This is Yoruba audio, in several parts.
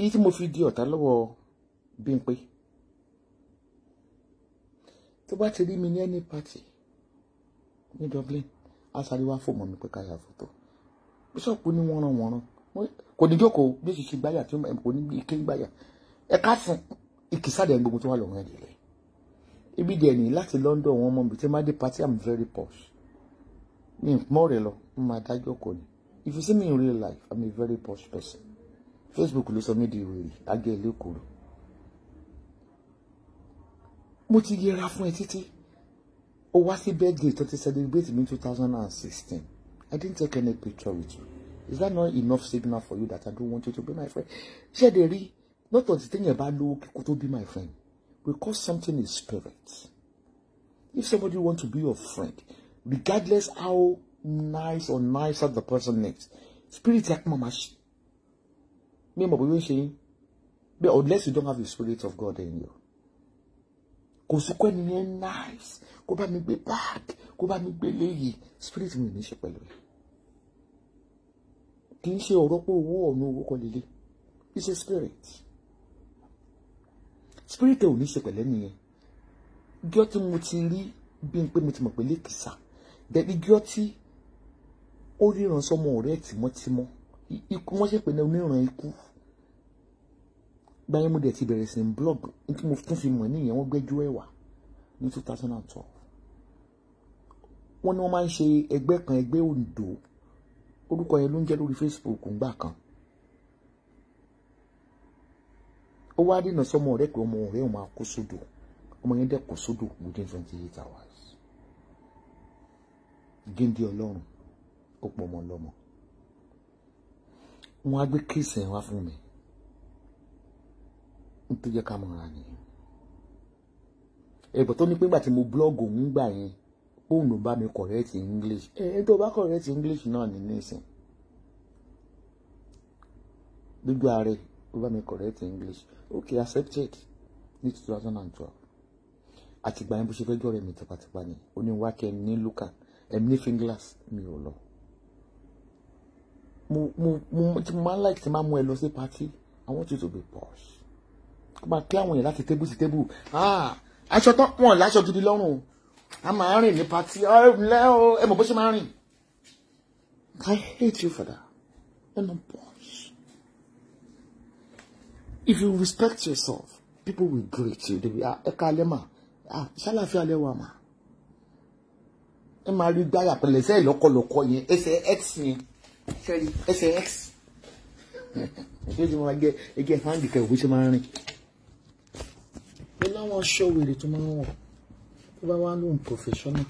yìí tí mo fi di ọ̀tá lọ́wọ́ Bímpé tó bá ti rí mi ní any party ní Dublin aṣáájú wá fòmọ mi pé ká ya fọ́tò bíṣọ̀pù ní wọ́n ràn wọ́n ràn kò ní jókòó bí èsì ṣe gbáyà tí kò ní ike ń gbáyà ẹ̀ka sùn ìkìsàdé gbogbo tó wà lọ́rùn ẹ̀dẹ̀ rẹ̀ ibi dẹ̀ ní láti London wọn mọ̀ mi tí má dé party I'm very posh mi mọ̀ rẹ̀ lọ mo máa dájọ́ kò ní if you see me in real life I'm a very posh person. Facebook ló sọ mí di wèrè agẹ́ ilé kòrò mo ti yẹra fún ẹ títí ó wá sí birthday tó ti celebrate me in two thousand and sixteen I didn't take any picture with you is that not enough signal for you that I don't want you to be my friend ṣé de rí lọ́tọ̀ tí téèyàn bá lówó kíkó tó be my friend because something is spirit if somebody want to be your friend regardless how nice or nicer the person is spirit yà kó mi mọ̀ bóyá ó ṣe yín but unless you don't have the spirit of God in you kò sí pé nìyẹn nice kó bá mi gbé bag kó bá mi gbé léyìí spirit mi ò ní ṣe pẹ̀lú ẹ̀ kì í ṣe ọ̀rọ̀ pé owó ọ̀nà owó kan lélẹ̀ it's a spirit spirit ò ní ṣe pẹ̀lẹ́ nìyẹn gíọ́ tí mo ti rí bí n pé mo ti mọ̀ pé lẹ́kìsà dẹ̀bi gíọ́ tí ó ríran sọmọ ọ̀rẹ́ tìmọ́tìmọ́ ikú wọ́n ṣe pé ní oníran ikú gbáyé mo dẹ̀ ti bẹ̀rẹ̀ sí blog tí mo tún fi mọ̀ níyẹn wọ́n gbẹ́jú ẹ̀wà ní two thousand and twelve wọ́n ní wọ́n máa ń ṣe ẹgbẹ́ kan ẹgbẹ́ Ondo orúkọ yẹn ló ń jẹ́ lórí Facebook ńgbà kan ó wá dènà sọmọ ọ̀rẹ́ pé ọmọ ọ̀rẹ́ òun kó sódò ọmọ yẹn dẹ̀ kó sódò within twenty eight hours géńdé ọlọ́run ó pọ̀ ọmọ ọlọ́mọ wọn á gbé kéèsì ẹ̀ wá fún mi ń tó jẹ́ ká mọ̀ra nìyẹn ẹ̀gbọ́n tó ní pé nígbà tí mo blog òun gbà yẹn òun ló bá mi correct English ẹ̀ ẹ́ tó bá correct English náà ní nísìn gbogbo ààrẹ ló bá mi correct English okay accepted ní two thousand and twelve àtìgbà yẹn bó ṣe fẹ́ jọ̀rọ̀ mi tipátipá ni ó ní wákẹ́ ẹ̀mí ní finglas mi ò lọ mo mo mo ti máa ń láì ti máa mú ẹ lọ sí pátí I want you to be posh a máa àwọn yẹn láti tébù sí tébù ah, aṣọ tán wọn láṣọ gidi lọ́rùn a máa rìn ní pati ah, ẹ mọ̀ bó ṣe máa rìn. I hate you for that. ẹnu pọ́s. If you respect yourself, people will greet you. They will ah, ẹ ká lẹ́ mà ṣáláfíà lẹ́ wà mà. ẹ máa rí gbáyà pẹ̀lẹ́sẹ̀ lọ́kọ̀lọ́kọ̀ yẹn ẹsẹ̀ x yẹn ẹsẹ̀ x. ṣé o ti máa gẹ ẹgẹ fáńdì kẹ òwe ṣe máa rìn ó láwọn ṣọ́wèrè tó máa ń wọ̀ tó bá wá lóun professional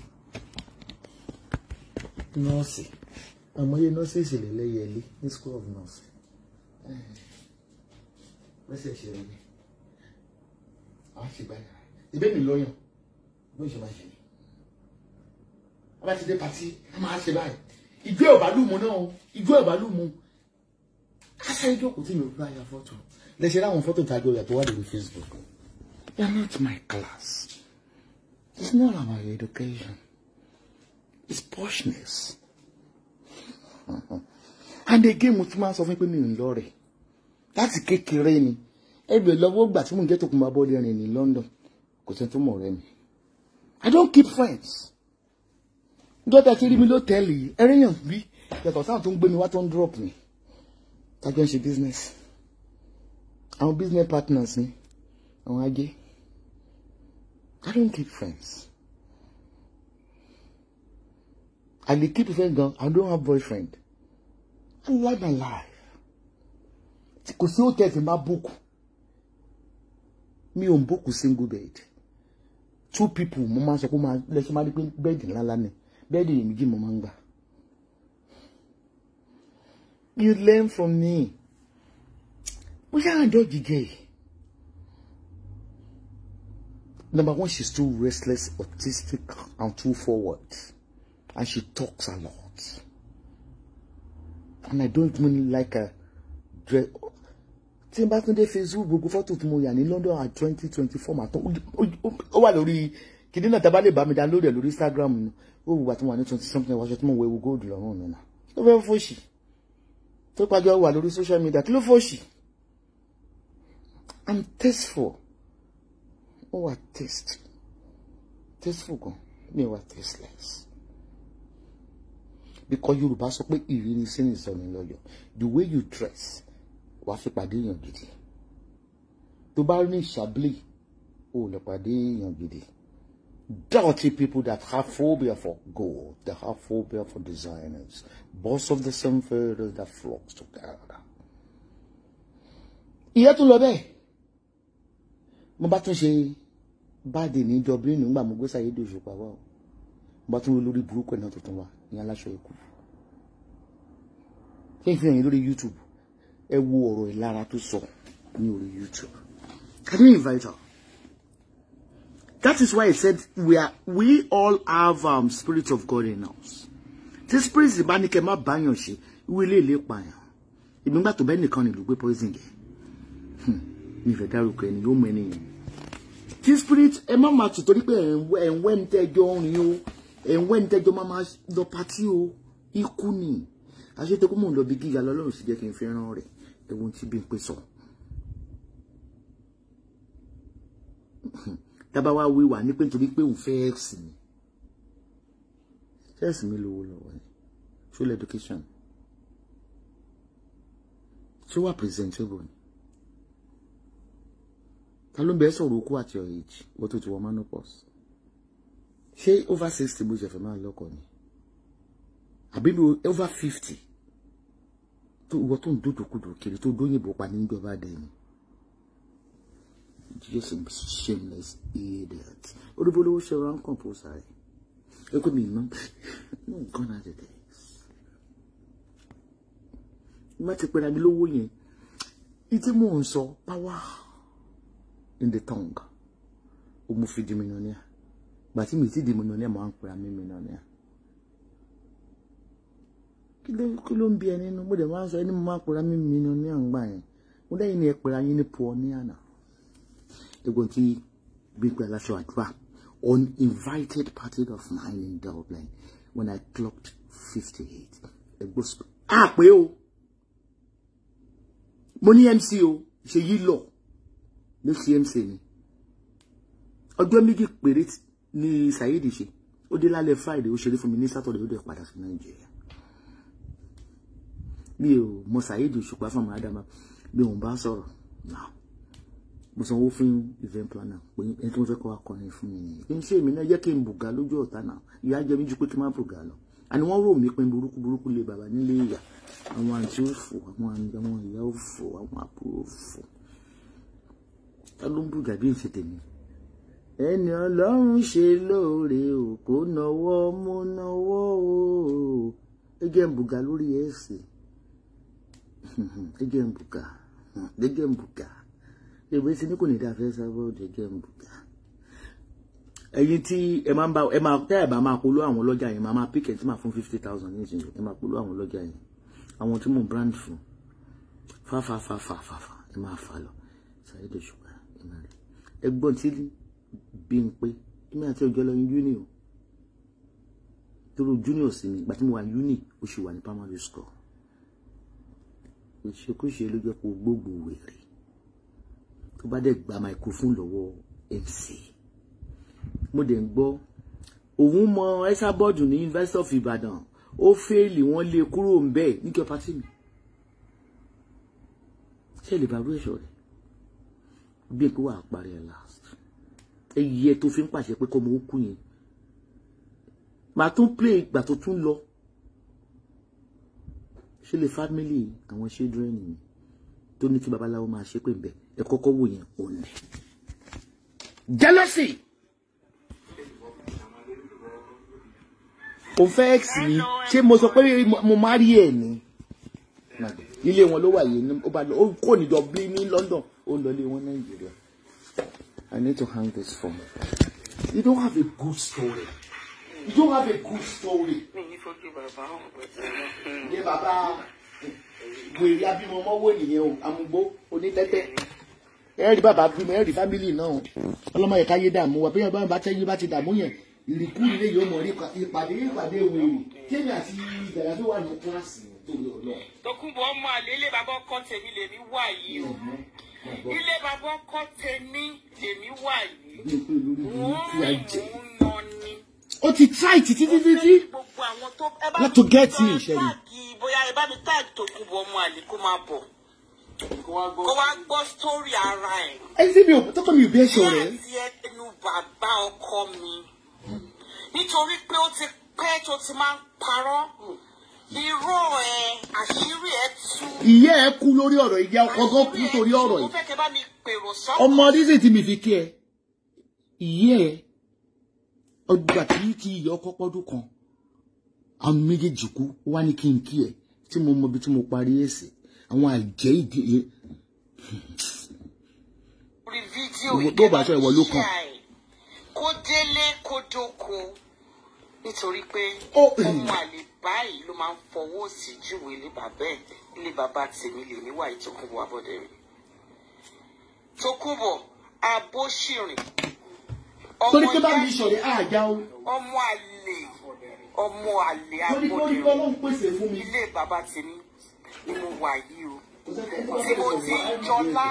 nọ́ọ̀sì àmọ́yé nọ́ọ̀sì ìṣẹ̀lẹ̀ lẹ́yẹlé ní school of nurse. mẹ́sẹ̀ ṣe rẹ̀ ni a ṣe gbáyà ìbẹ́ mi lọ́yàn ló ń ṣe máa ṣe ni a bá ti dé pàtí a máa ṣe báyìí ìjọ ìbálùmù náà ìjọ ìbálùmù ká sáré jókòó tí mi ò gbá ya fọ́tò lẹ́sẹ̀ láwọn fọ́tò tá a gbé ọ̀yà tó wà lórí Facebook. You're not my class. It's not about your education. It's poshness. and again, mo of máa sọ fún pé mi ò ń lọ rẹ̀. Láti kékeré ni. Ẹgbẹ́ lọ́wọ́ gbà tí mò ń jẹ́ tòkun London. Kò sẹ́ni tomorrow. I don't keep friends. Dọ́tà ti rí mi lọ́tẹ̀ẹ̀lì yìí. Ẹ̀ríyàn bí yàtọ̀ sáà tó ń gbé mi wá tó drop me? That's ẹ̀ business. Our business partners ni àwọn ajé. I don't keep friends. I dey keep friends gan. I don't have boyfriend. I like my life. Because you sí hotel tí book. me on ń book single bed. Two people mama, máa sọ pé máa lẹ́sìn máa rí pé bẹ́ẹ̀dì ńláńlá ni. Bẹ́ẹ̀dì yìí You learn from me. We Bóyá àjọ the gay. Number one, she's too restless, autistic, and too forward. And she talks a lot. And I don't mean like a dress. Tí n bá tún dé Facebook gbogbo fọ́tò tí mo yà London at twenty twenty four màá tán ó wà lórí kìdí náà tábà mi dá lórí Instagram nù ó wù wá tí mo wà ní twenty something wáṣọ tí mo wọ ewu góòdù lọ́rùn mi nà tó fẹ́ fòṣì tó pàjọ́ social media kí ló fòṣì I'm tasteful ó wà taste tasteful gan mi wà tasteless because Yorùbá sọ pé ìrínisí ni ìsọnù lọ́yọ̀ the way you dress wà á fi pàdé èèyàn gidi tó bá ní ìṣàbílẹ̀ ó lè pàdé èèyàn gidi dirty people that have phobia for gold that have phobia for designers boss of the same feathers that flocks together. ìyẹn tún lọ bẹ́ẹ̀ mo bá tún ṣe báàdì ní Dublin nígbà mo gbé sáyé dòṣù pàwọ́ bá tún lórí burúkú ẹ̀ náà tuntun wa ní aláṣọ ikú ṣé n fi lórí YouTube ẹ wo ọ̀rọ̀ ìlara tó sọ ní orí YouTube can you invite her that is why I said we are we all have um, spirit of God in us tí spirit bá ní kẹ́ má báyàn ṣe ìwé ilé ilé pààyàn ìgbìngbà tó bẹ́ẹ̀ nìkan nílùú gbé poison yẹn ní ìfẹ́ dárúkọ ẹni yóò mọ ẹni yẹn kí spirit ẹ má máa tì torí pé ẹ̀ ń wẹ́ ní tẹ́jọ́ rìn o ẹ̀ ń wẹ́ ní tẹ́jọ́ máa lọ patí o ikú ni àṣetẹ́kù mò ń lọ bí gíga lọ́lọ́run sì jẹ́ kí n fẹ́ràn rẹ̀ ẹ̀wọ̀n tí bí n pè sọ. tábà wá wíwà ní pé nítorí pé òun fẹ́ ẹ̀sìn mi ṣẹ́ẹ̀sì mi lówó lọ́wọ́ ni ṣó lẹ́dọ̀kẹ́sàn ṣó wà presentable ni ta ló ń bẹ sọ̀rọ̀ okú àti ọ̀rọ̀ èjì wọ́n ti wọ menopause ṣé over sixty bó ṣe fẹ́ máa lọ́kọ ni àbí bí over fifty tó wọ́n tó ń dúdúkudù kiri tó dóyìnbó pa ní ìjọba dẹ̀yìn just a shameless idiot olúbolówó ṣe ọ̀rọ̀ àǹkànpọ̀sà rẹ̀ ẹ pé mi ìmọ̀ no gone are the days má ti pera mi lówó yẹn ìdí mò ń power in the tongue ó mú fi di but gbà tí mi ti di millionaire máa ń pè mí millionaire kí ló kí ló ń bí ẹni inú mo dẹ̀ máa ń sọ ẹni mo máa ń pè mí millionaire ń gbà yẹn mo lẹ́yìn ni ẹ pè ayé uninvited party of mine in Dublin when I clocked fifty eight egbon ah pé money, mo ní MC o ṣe yí Ni CMC ni ọjọ́ méjì péré ni Saheed ṣe ó dé lálẹ́ Friday ó ṣeré fún mi ní Saturday ó dẹ̀ padà sí Nàìjíríà mi ò mọ Saheed Òṣùpá fún àwọn adama bí òun bá sọ̀rọ̀ náà mo sanwó fún event planner pé ẹni tí wọ́n fẹ́ kọ́ akọrin fún mi nìyí kí n ṣe èmi náà yẹ kí n bùgà lójú ọ̀tá náà ìyá jẹ mí ju pé kí n má bùgà lọ àni wọ́n rò mí pé burúkú burúkú lé bàbá nílé ìyá àwọn àǹtí òfò àwọn ìyá òfò àwọn àbúrò òfò ta ló ń bùgà bí ìṣe tèmi. ẹni ọlọ́run ṣe lóore o kò nọwọ́ mú nọwọ́ o ẹ jẹ́ ń bùgà lórí ẹ̀sìn ẹ jẹ́ ń bùgà ẹ jẹ́ ń bùgà èwe sí ní kò ní dáfẹ́ sábọ́ọ̀dù ẹ jẹ́ ń bùgà. ẹ̀yin tí ẹ máa ń bá ẹ máa tẹ́ ẹ̀ máa polówó àwọn ọlọ́jà yẹn máa máa píkẹ́ tí máa fún fifty thousand nísìnyí ẹ máa polówó àwọn ọlọ́jà yẹn àwọn tí mo brand fún fa ẹ máa fà lọ ṣàyẹ̀dọ̀ ṣùgbọ́n extraordinary ẹ̀gbọ́n tí bí n pé èmi àti ọjọ́ lọ uni o torí junior sí mi ìgbà tí mo wà uni ó ṣì wà ní primary school ìṣekúṣe ló jẹ́ kó gbógun wèrè tó bá dẹ̀ gba microphone lọ́wọ́ MC mo dẹ̀ ń gbọ́ òun mọ ẹsà bọ́ọ̀dù ní University of Ibadan ó fẹ́ẹ̀lì wọ́n lé kúrò ń bẹ́ẹ̀ ní kẹfà sí mi ṣé lè bá rú ẹ̀ṣọ́ rẹ̀ bí kò wà parí ẹ̀ last ẹyẹ tó fi ń pàṣẹ pé kọ́ mọ ó kú yẹn màá tún play ìgbà tó tún lọ ṣe lè family àwọn children mi tó ní kí babaláwo máa ṣépè ń bẹ ẹ kọ́kọ́ wò yẹn òní. jealousy òun fẹ́ x mi ṣé mo sọ pé mo má rí ẹ̀ ní ilé wọn ló wà yìí ó kò ní Dublin ní London ó lọlé wọn i need to hang this phone you don't have a good story you don't have a good story. mi ní fojú bàbá ọ̀hún. ní bàbá wèrè abímọ mọ́wó nìyẹn o amúgbó onítẹ́tẹ́ ẹ rí bàbá bímọ ẹ rí fámìlì náà ọlọ́mọ yẹn káyé dààmú wa bí wọn bá tẹ́yìn bá ti dààmú yẹn ìrìkú ilé yóò mọ̀ ìpàdé ìpàdé wèrè kéèmì àti ìgbàlá tó wà ní kíláàsì tó lọ. tòkùnbọ̀ ọmọ àlè ilé bàbá ọkọ tèmi lèmi wà yìí o ilé bàbá ọkọ tèmi lèmi wà yìí wọ́n mú lọ ni. ó ti try títí títí tí not to get me ṣẹlẹ̀. bóyá ẹ bá mi táàgì tó kú bọ ọmọ àlè kó máa bọ̀ kó wá gbọ́ sórí ara ẹ̀. ẹni tí mi ò tọ́kọ mi ò bí ẹ ṣe láti ẹnu bàbá ọkọ mi nítorí pé ó ti pẹ́ tó ti máa parọ́. Mm irú ẹ àṣírí ẹ tú. ìyá ẹ kú lórí ọ̀rọ̀ ìyá ọkọ gan kú torí ọ̀rọ̀ yìí ọmọ dísè tí mi fi kí ẹ ìyá ẹ ọgbà tí ti ìyá ọkọ pọ́dún kan àwọn méjèèjì kú wá ní kí n kí ẹ tí mo mọ ibi tí mo parí ẹsẹ àwọn àjẹ ìdí ẹ. tó bá aṣọ ìwọ kó délé kó dóko nítorí pé ọmọ mm. àlè báyìí ló máa ń fọwọ́ sí júwe ilé bàbá ẹ̀ ilé bàbá tèmi lè níwà ìtòkùnbọ̀ abọ́dẹ̀rìn Tókunbọ̀ Abóṣìrìn ah, ọmọ àlè ọmọ àlè abọ́dẹ̀rìn ilé bàbá tèmi ni mo wà yìí o tí mo ti ń jọlá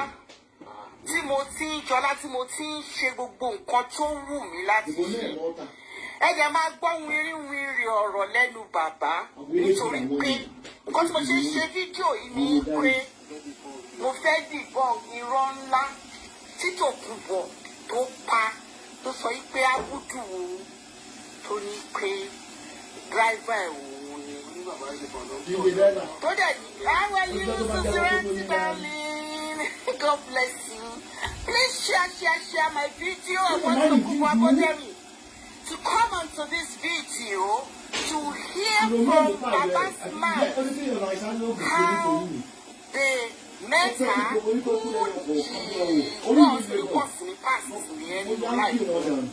tí mo ti ń jọlá tí mo ti ń ṣe gbogbo nǹkan tó wù mí láti ṣe ẹ máa gbọ́ wínrínwínrin ọ̀rọ̀ lẹ́nu bàbá nítorí pé nǹkan tí mo ṣe ṣe fídíò yìí ni pé mo fẹ́ dìbọn irọ́ ńlá títò kùbọ̀ tó pa tó sọ pé ábùdù òun tó ní pé dráìvà òun ni tó dẹ̀ ní àwọn yìí ló sọ sí rántí bẹ́ẹ̀lì. God bless you. Please share, share, share my video. I want to go for to come onto this video to hear from Baba's man how the mẹ́ta who he was because he passed in the end of life. and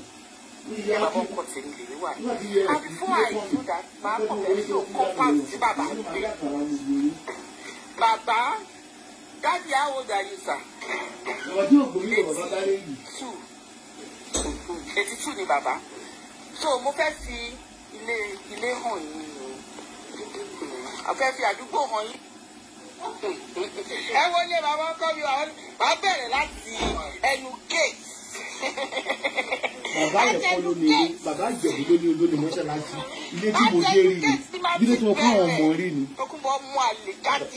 before I do that, my problem to compound to Baba. Baba, Daddy, how old are you, sir? Eighty-two. Eighty-two Baba so mo fẹ́ fi ilé ilé hàn yín o a fẹ́ fi àdúgbò hàn yín ẹ wo ilé bàbá ọkọ mi wà á bẹ̀rẹ̀ láti ẹnu gate. bàbá yẹn kọ́ ló ní ilé bàbá ìjẹ̀bú ló ní olóòlù mọ́ṣáláṣí ilé tí mo dé rí ni ilé tí mo káwọn ọmọ rí ni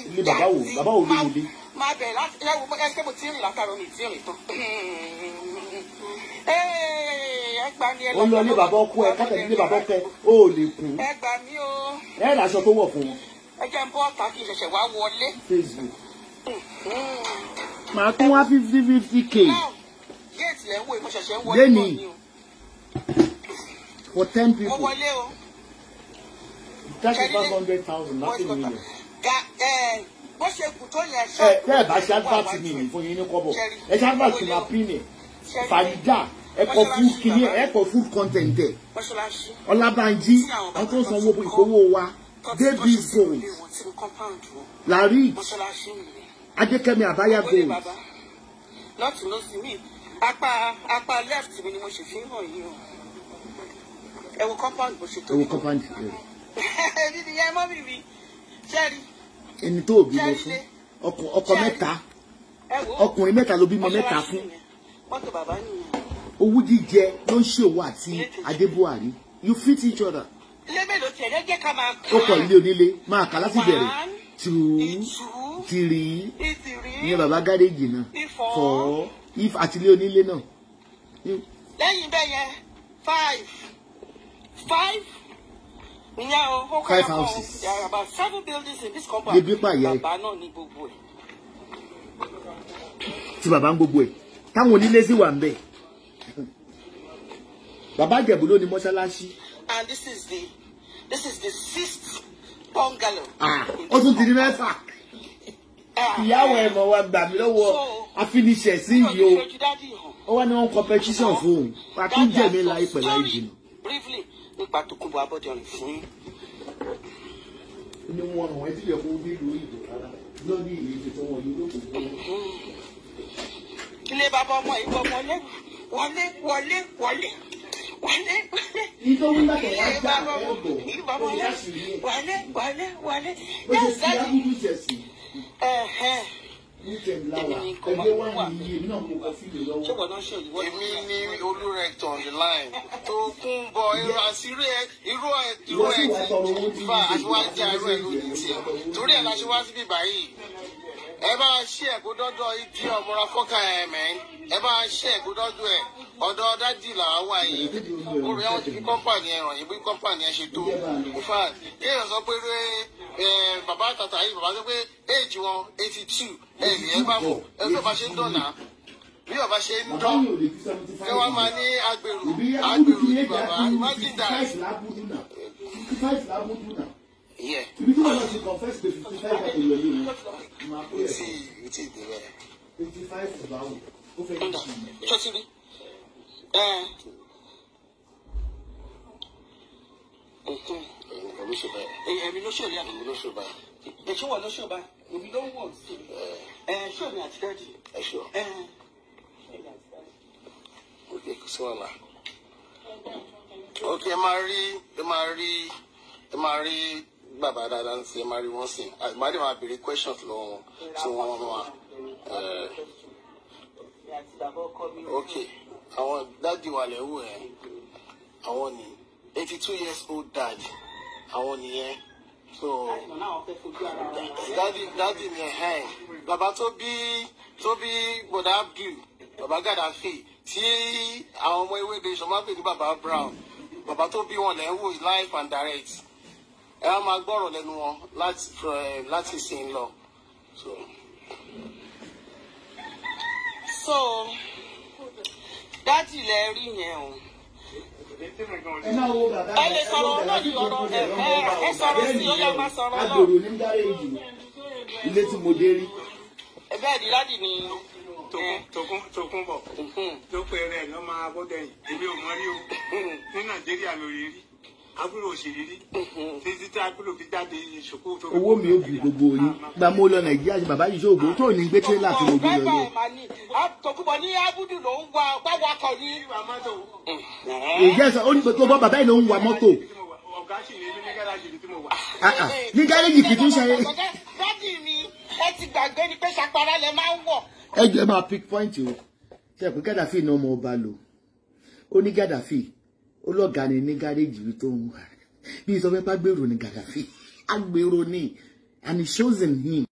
ilé bàbá wò bàbá wò ló wọlé. máa bẹ̀rẹ̀ láti ẹ wo ẹ ṣé mo ti rìn látàrí omi ti rìn tán. Eh, ó lọ ní bàbá ọkọ ẹ kọ́tẹ̀ nílé bàbá ọkọ ẹ ó lè kú ẹ làṣọ tó wọ̀ fún ẹ jẹ́ ń bọ́ ọ̀tá kí n ṣẹ̀ṣẹ̀ wá wọlé. Facebook hmm. màá tún wá fifty fifty k lẹ́nìí for ten people that's five hundred thousand nothing million. bó ṣe kù tó yẹn ṣọ́ọ̀bù. ẹ bẹ́ẹ̀ bá ṣe advert mi fún yín ní kọ́bọ̀ ẹ ṣe advert mi àpínì fàyídà ẹkọ fún kìíní ẹkọ fún content ẹ Ọlábánjí àwọn tó sanwó ìkówó wa débi zone larik Adékẹ́mi àbáyá gold. lọ́tún ló sì mí apá apá left mi ni mo ṣe fi ń hàn yìí o ẹ compound bó ṣe tó. ẹ compound yẹn. èmi nìyẹn mọ́ mi rí jẹ́rìí. ẹni tó bí mo fún ọkọ mẹ́ta ọkùnrin mẹ́ta ló bímọ mẹ́ta fún. mọ́tò bàbá nìyẹn owú jíjẹ ló ń ṣe òun àti adébúwárí you fit each other. ilé mélòó tiẹ̀ lẹ́jẹ̀ ká máa kà. ó kọ ilé onílé máa kà láti bẹ̀rẹ̀ two three ní bàbá gáréjì náà four if àti ilé onílé náà. lẹ́yìn bẹ́ẹ̀ yẹn five five ìyẹn o ó kọ́ ẹ̀kọ́ about seven buildings in this compound bàbá náà ní gbogbo ẹ̀. tí bàbá ń gbogbo ẹ̀ táwọn onílé sì wà ń bẹ̀ bàbá ìjẹ̀bú ló ní mọ́ṣáláṣí. and this is the this is the sixth bungalow. Ah, ó tún ti di mẹ́fà ah, ìyàwó ẹ̀ mọ̀ wá gbà mí lọ́wọ́ afiniṣẹ̀ sí yìí o ó wá ní wọn competition fún òun àti jẹ̀mí láì pẹ̀lú àìjìnà. briefly nípa Tokunbo Abọ́dẹrìn fún yín. ní wọn àwọn ẹbí yẹ kó nílùú ìbò rárá náà ní ìlú ìbò wọn yóò lókun fún mm-hmm. wọn. ilé bàbá ọmọ yìí wọlé wọlé wọlé wọlé wálé wálé iye bàbá mo iye bàbá wálé wálé wálé wálé yẹn sáré èmi ni olùrẹ̀tọ̀ online tó kún bọ irú àṣírí ẹ irú ẹ irú ẹ ti fa aṣíwájú àìrú ẹ lónìí tiẹ̀ torí ẹ̀ la ṣe wá síbí báyìí ẹ bá ṣe ẹ̀kú dọ́dọ̀ ìdí ọmọra fọ́kà ẹ̀ mẹ́ ẹ bá ṣe ẹ̀kú dọ́dọ̀ ẹ̀ ọ̀dọ̀ dádì là á wà yìí orí àwọn ti fi kọ́mpàní ẹ̀ ràn yìí bí kọ́mpàní ẹ̀ ṣe tó ìfà èèyàn sọ pé bàbá àtàtà yìí bàbá sọ pé éèjì wọn eighty two ẹ̀ lè ẹ bá fò ẹ tó bá ṣe ń dọ̀nà bí ọba ṣe ń dán kí wọn máa ní agbèrú agbèrú ní bàbá imagine that. Yeah. Ibi tí wọ́n ti confess pé fifty five àti ìwé yìí ni màá pè é. Ti ti dè bẹ́ẹ̀. Fifty five ìbáwò. Ó fẹ́ kí n sùn. Ṣé ti rí? Èmi ló ṣe báyìí. Èmi ló ṣe báyìí. Èmi ló ṣe báyìí. Èṣù wọ̀ ló ṣe báyìí. Èmi ló ń wọ̀ sí. Eh. Eh, ṣé èmi àti dájú? bàbá dáadáa ń ṣe mari wọ́n sìn àmàdé ah, máa béèrè questions lọ́wọ́ wọn tí wọ́n máa eh, ok àwọn dáàdi wà lẹ́wọ̀ ẹ̀ àwọn ni eighty two years old dad àwọn nìyẹn so dáàdi dáàdi mi eh, ẹ̀ bàbá tó bí tó bí bọ̀dá Abdul bàbá Gàdáfì tí àwọn ọmọ ewébẹ̀ sọ máa ń pè ní bàbá Brown bàbá tó bí wọn lẹ́wọ̀ life and direct ẹ á máa gbọ́rọ̀ lẹ́nu wọn láti eh, láti sìn lọ. So, so dádì lẹ rí yẹn o ẹ lè sọ̀rọ̀ náà ní ọ̀rọ̀ ẹ sọ̀rọ̀ sí ọlẹ́ máa sọ̀rọ̀ náà. agbèrò ní dáre jù ilé tí mo dé rí. ẹ bẹ́ẹ̀ ni dádì ni. Eh. tokun tokun bọ̀ ló hmm. pe rẹ̀ ló máa bó dẹ̀yìn èmi ò mọ̀ rí o hmm. ní nàìjíríà lóye rí àbúrò òṣèré títí tí àbúrò fi jáde ìṣòkò tó. owó mi ò bí gbogbo yín gba mo lọ nàìjíríà ni bàbá yìí ṣòògùn tó ní gbé tírélà tó gbogbo yọ lọ. tòkùbọ̀ ní abudu ló ń wa gbáwa kọ ní. ìjẹ́sọ̀ ó ní gbogbo bọ́ bàbá yìí ló ń wa mọ́tò. ọ̀gá sì ní ní gáràjì tí mo wà. ní gáràjì kì í tún ṣe. dádì mi ẹ ti gbàgbé ni pé ṣàpárá lẹ máa ń wọ̀. ẹ jẹ́ máa pick point o ṣe é pé gàdáfì náà mo bá lò ó ní gàdáfì ológa ni ní gáréjì ibi tó ń wà bí ìsọfẹ́ bá gbèrò ní gàdáfì agbèrò ni and it shows in him.